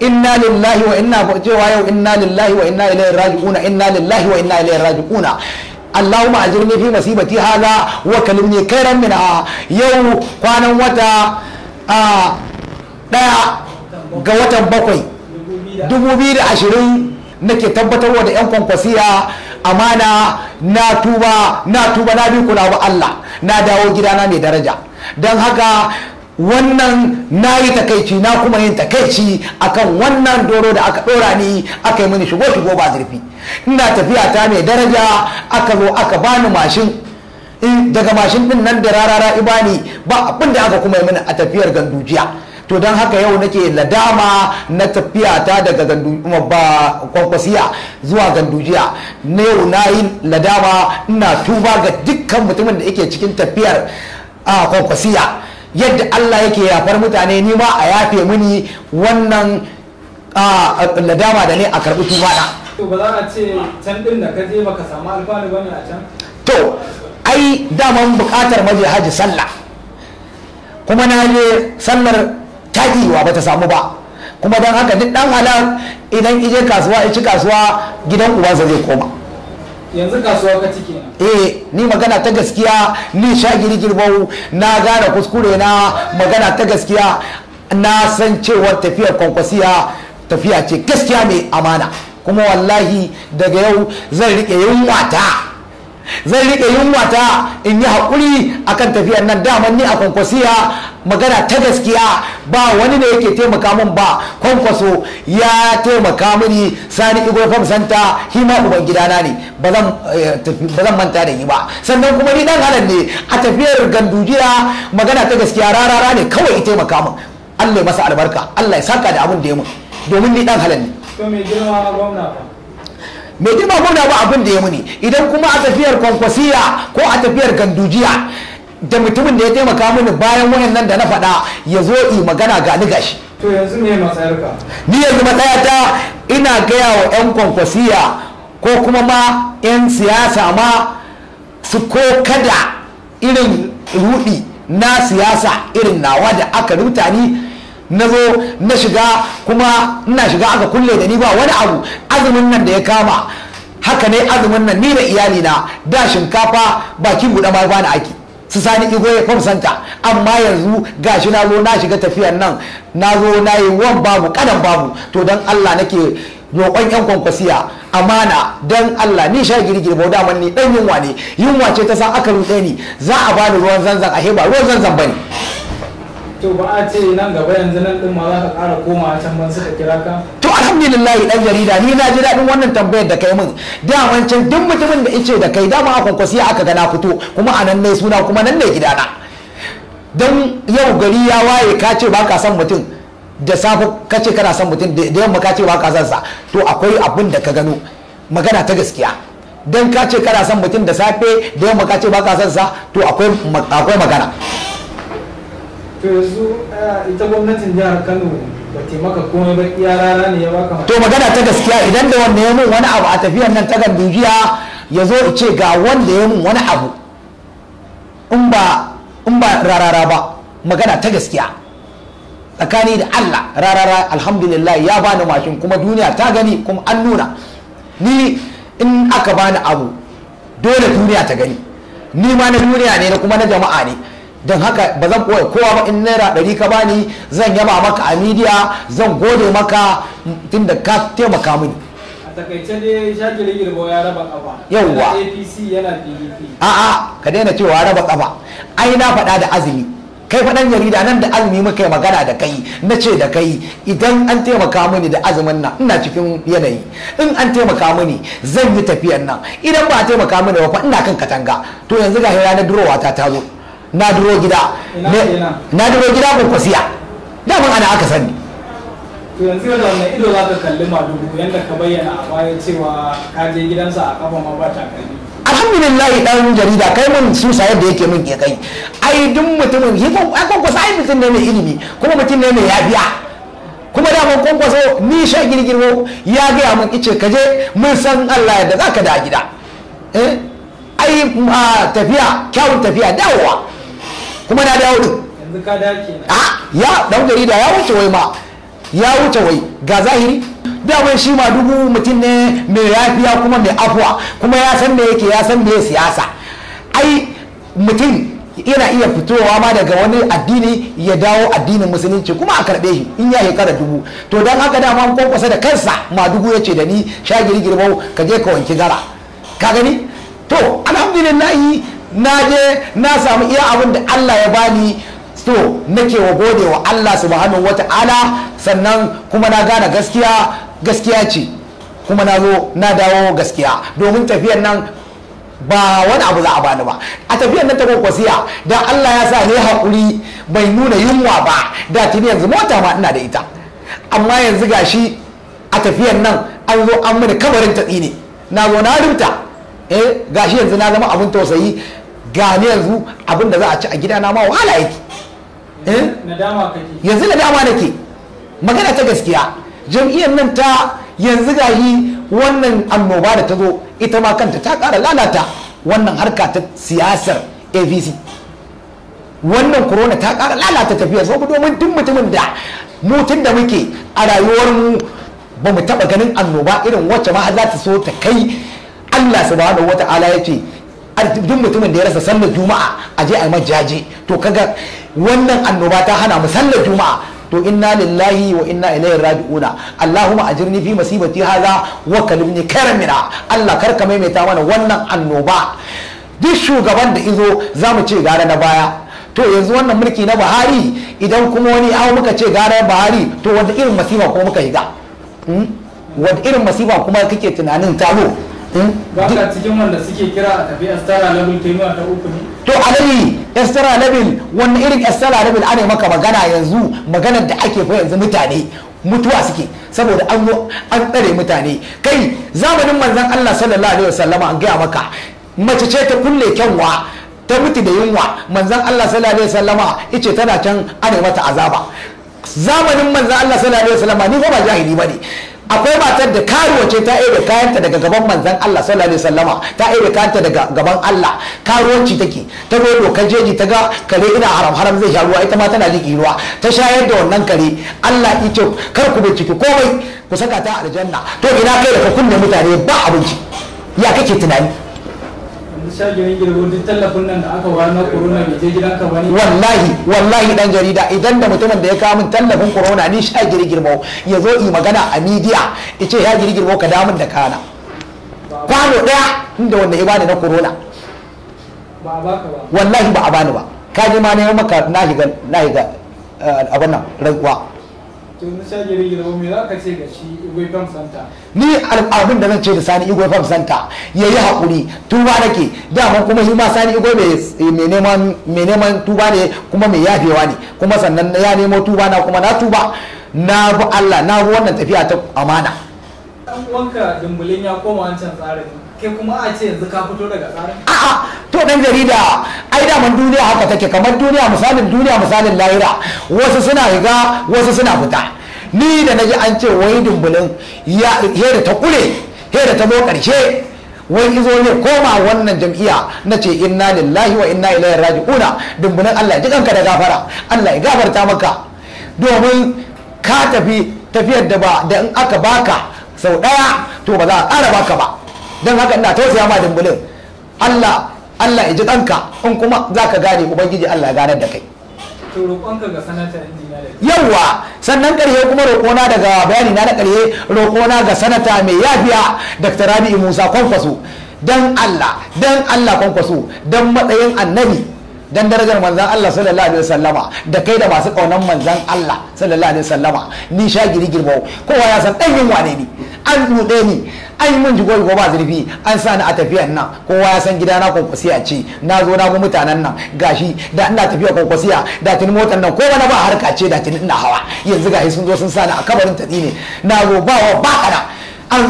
inna lillahi wa inna cewa yau inna lillahi wa inna ilaihi raji'una inna lillahi wa inna ilaihi raji'una Allahumma ajirni fi masibati hadha wa kalimni khairan minha yau kwanan wata a daya ga watan bakwai 2020 nake tabbatarwa da yan kwankwasiya amana na tuba na tuba na bi kula ba Allah na dawo gidana mai daraja don haka wannan na yi takaici na kuma yin takaici akan wannan doro da aka dora ni aka yi mini shigo shigo ba zurfi ina tafiya ta mai daraja aka zo aka bani mashin daga mashin din nan da rarara ibani ba abin da aka kuma yi mini a tafiyar gandujiya to don haka yau nake ladama na tafiya ta daga kwankwasiya zuwa gandujiya na yau na yi ladama ina tuba ga dukkan mutumin da yake cikin tafiyar a kwankwasiya yadda Allah yake yafar mutane ni ma a yafe mini wannan ladama da ne a karɓi tuba To ba za a ce can ɗin da ka je baka samu alfanu bane a can? To ai daman buƙatar maje haji sallah kuma na je sallar taɗiwa ba ta samu ba kuma don haka duk ɗan halal idan ije kasuwa ya ci kasuwa gidan uwansa zai koma. yanzu kasuwa ka cike eh ni magana ta gaskiya ni shagiri girgirbau na gane kuskure na magana ta gaskiya na san cewar tafiyar kwankwasiya tafiya ce gaskiya mai amana kuma wallahi daga yau zan riƙe yunwa ta zan rike ta in yi haƙuri akan tafiyar nan daman ni a kwankwasiya magana ta gaskiya ba wani ne yake taimaka min ba kwankwaso ya taimaka mini sani fam santa hima uban gidana ne eh, ba zan manta da yi ba sannan kuma ni dan halar ne a tafiyar gandujiya magana ta gaskiya rarara ne kawai taimaka min allah ya masa albarka allah ya saka da abin da ya mun domin ni dan halar ne. to mai girma gwamna mai girma muna ba abin da ya muni idan kuma a tafiyar kwankwasiya ko a tafiyar gandujiya da mutumin da ya taimaka mini bayan wayannan da na faɗa ya zo yi magana ga ni gashi to yanzu me matsayarka ni yanzu matsayata ina gaya wa 'yan kwankwasiya ko kuma ma 'yan siyasa ma su ko kada irin rudi na siyasa irin nawa da aka rubuta ni na zo na shiga kuma ina shiga aka kulle da ni ba wani abu azumin nan da ya kama haka ne azumin nan ni da iyali na da shinkafa bakin buɗe ma bani aiki su sani igo ya santa amma yanzu ga shi na zo na shiga tafiyar nan na zo na yi wan babu kadan babu to dan allah nake roƙon yan kwankwasiya amana don allah ni sha ba da daman ni dan yunwa ne yunwa ce ta sa aka rufe ni za a bani ruwan zanzan a heba ruwan zanzan bane to ba a ce nan gaba yanzu nan din ma za ka ƙara koma can ban suka kira ka to alhamdulillah dan jarida ni na ji daɗin wannan tambayar da kai min Da wancan, duk mutumin da ice da kai dama akon kwasi aka ga na fito kuma a nan ne suna kuma nan ne gidana don yau gari ya waye ka ce ba ka san mutum da safe ka ce kana son mutum da yamma ka ce ba ka san sa to akwai abin da ka gano magana ta gaskiya don ka ce kana son mutum da safe da yamma ka ce ba ka san sa to akwai magana to eh, ba magana ta gaskiya idan da wanda ya mun wani abu a tafiyar nan ta gandujiya ya zo ce ga wanda ya mun wani abu in ba in ba rarara ba magana ta gaskiya tsakani da Allah rarara alhamdulillah ya bani mashin kuma duniya ta gani kuma an nuna ni in aka bani abu dole duniya ta gani ni ma na duniya ne na kuma na jama'a ne don haka ba zan koya kowa ba in naira ɗari ka bani zan yaba maka a midiya zan gode maka da ka taimaka mini takaice ne shagiri girbo ya raba kafa yawwa apc yana pdp a'a ka daina cewa raba kafa ai na faɗa da azumi kai faɗan jarida nan da azumi muka yi magana da kai na ce da kai idan an taimaka mini da azumin nan ina cikin yanayi in an taimaka mini zan yi tafiyan nan idan ba a taimaka mini ba fa ina kan katanga to yanzu ga hira na durowa ta ta zo na duro gida na duro gida kwankwasiya daman ana aka sani to yanzu da wannan ido za ka kalli madugu yadda ka bayyana a baya cewa ka je gidansa a kafa ma ba takalmi Alhamdulillahi, dan jarida kai mun susa yadda yake mun ke kai ai duk mutumin yi kwankwasa ai mutum ne mai ilimi kuma mutum ne mai yafiya kuma da daman kwankwaso ni sha girgirmo ya gaya min ice ka kaje mun san Allah yadda za ka da gida Eh, ai tafiya kyawun tafiya dawowa kuma na dawo din a ya dan jarida ya wuce wai ma ya wuce wai ga zahiri da wai shi ma dubu mutum ne mai yafiya kuma mai afuwa kuma ya san me yake ya san me siyasa ai mutum yana iya fitowa ma daga wani addini ya dawo addinin musulunci kuma a karɓe shi in ya shekara dubu to don haka dama an kwankwasa da kansa ma dubu ya ce da ni sha girgirbau ka je ka wanke gara ka gani to alhamdulillahi na je na samu iya abin da Allah ya bani so nake wa gode wa Allah subhanahu wata'ala sannan kuma na gane gaskiya gaskiya ce kuma na zo na dawo gaskiya domin tafiyar nan ba wani abu za a bani ba a tafiyar nan ta kwasiya da Allah ya sa ne hakuri bai nuna yunwa ba da tuni yanzu mota ma ina da ita amma yanzu gashi a tafiyar nan an zo an mini kabarin tatsi ne na zo na rubuta eh gashi yanzu na zama abin tausayi gane yanzu abin da za a ci a gidana ma wahala yake eh? yanzu na dama nake magana ta gaskiya jam'iyyar nan ta yanzu yi wannan annoba da ta zo ita ma kanta ta kara lalata wannan harka ta siyasar avc wannan corona ta kara lalata tafiya saboda domin duk mutumin da mutum da muke a rayuwar mu ba mu taba ganin annoba irin wacce ma za ta so ta kai Allah wata ala ya ce duk mutumin da ya rasa sallar juma'a a je a majaji to kaga wannan annoba ta hana mu sallar juma'a to inna lillahi wa inna ilaihi raji'una allahumma ajirni fi masibati hadha wa kalibni karamina allah karka maimaita mana wannan annoba duk shugaban da izo za mu ce gara na baya to yanzu wannan mulki na buhari idan kuma wani hau muka ce gara buhari to wanda irin masifa kuma muka yi ga hmm? wanda irin masifa kuma kake tunanin talo ba cikin wanda suke kira a tafi astara level ta uku ne to alayi astara level wannan irin astara level ana maka magana yanzu maganar da ake fa yanzu mutane mutuwa suke saboda an an tsare mutane kai zamanin manzon Allah sallallahu alaihi wasallama an gaya maka mace ce ta kulle kyanwa ta mutu da yunwa manzon Allah sallallahu alaihi wasallama yace tana can ana mata azaba zamanin manzon Allah sallallahu alaihi wasallama ni fa ba jahili bane akwai matar da karuwa ce ta ɗaya kayanta daga gaban manzan Allah sallallahu alaihi wasallama ta ɗaya kayanta daga gaban Allah karuwanci take ta zo dokar jeji ta ga kare ina haram haram zai sha ruwa ita ma tana jin ruwa ta shayar da wannan kare Allah ya ce kar ku bincike komai ku saka ta aljanna to ina kai da ka kunne mutane ba abinci ya kake tunani shagirin tallafin nan da aka wa na corona bai je gidan ka bane wallahi wallahi dan jarida idan da mutumin da ya kawo min tallafin corona ni shagiri girmo ya zo yi magana a media ya ce shagiri girmo ka damun da kana kwano daya inda wanda ya bani na corona wallahi ba a bani ba ka ji ma ne maka na higa na higa eh, abin nan rantsuwa ni al'adun da zan ce da sani igwe farm center ya yi haƙuri tuba nake dama kuma shi ma sani igwe eh, mai neman tuba ne kuma mai yafewa ne kuma sannan ya nemo tuba na kuma na tuba na bi allah na bi wannan tafiya ta amana wanka dumbulin ya koma wancan tsarin ke kuma a ce yanzu ka fito daga tsarin a'a to ɗan jarida ai da duniya haka take kamar duniya misalin duniya misalin lahira wasu suna riga wasu suna fita ni da naji an ce wai dumbulin ya da ta kure da ta zo karshe wai izo ne koma wannan jam'iyya na ce inna lillahi wa inna ilaihi raji'una dumbulin Allah ji kanka da gafara Allah ya gafarta maka domin ka tafi tafiyar da ba da in aka baka sau ɗaya to ba za a ƙara baka ba don haka ina tausaya ma dumbulin Allah Allah iji ji ɗanka in kuma za ka gane ubangiji Allah ya ganar da kai yawwa sannan ƙarshe kuma roƙona daga bayani na na ƙarshe roƙona ga sanata mai yafiya dr rabi'u musa kwankwaso don allah don allah kwankwaso don matsayin annabi dan darajar manzan allah sallallahu alaihi wasallama da kai da masu ƙaunar manzan allah sallallahu alaihi wasallama ni sha girgirmau kowa ya san ɗan yunwa ne an rude ni an yi min jigo ba zurfi an sa ni a tafiyan nan kowa ya san gidana kwankwasiya ce na zo na bi mutanen nan gashi da ina tafiya kwankwasiya da tuni motar nan ko wani ba harka ce da tuni ina hawa yanzu gashi sun zo sun sa ni a kabarin tatsi ne na zo ba wa ba kana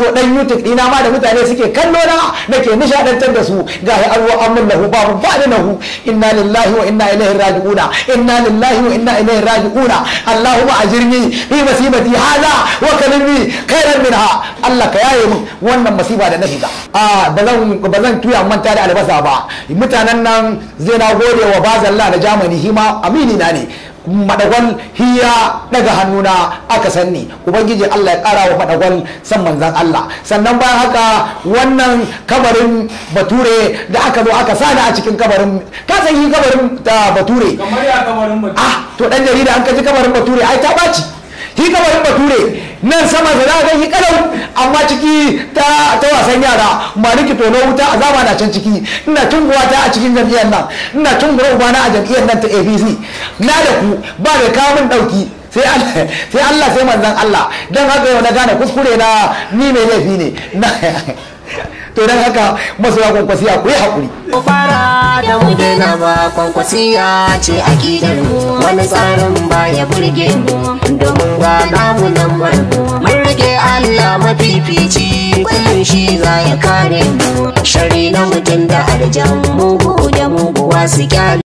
zo dan youtube dina ma da mutane suke kallo na nake nishadantar da su ga ya arwa amin lahu babu nahu inna lillahi wa inna ilaihi raji'una inna lillahi wa inna ilaihi raji'una allahumma ajirni bi masibati hada wa kalimi khairan minha allah ka yaye mun wannan masiba da na ga a bazan bazan tuya manta da albasa ba mutanen nan zai na gode wa bazalla na jamani hima aminina ne madagwal hiya daga hannuna aka sanni ubangiji Allah ya kara wa madagwal san manzan Allah sannan bayan haka wannan kabarin bature da aka zo aka sani a cikin kabarin ka san yi kabarin da ah, bature kamar ya kabarin bature ah to dan jarida an kaji kabarin bature ai ta baci hi kabarin bature nan sama da za a yi kalau amma ciki ta wasan yara maliki tono wuta a na can ciki ina tunguwa ta a cikin jam'iyyar nan ina tunguwa ubana a jam'iyyar nan ta apc na da ku ba da kamun ɗauki sai Allah sai manzan Allah don haka yau na gane kuskure na ni mai laifi ne to don haka masu ya kwankwasiya ku yi haƙuri. fara da mu daina ba kwankwasiya ce a gidan mu wani tsarin ba ya burge mu domin ga namu nan marmu mun rage Allah mafifici kullum shi za ya kare mu shari na mutum da arjan mugu da muguwa su kyale.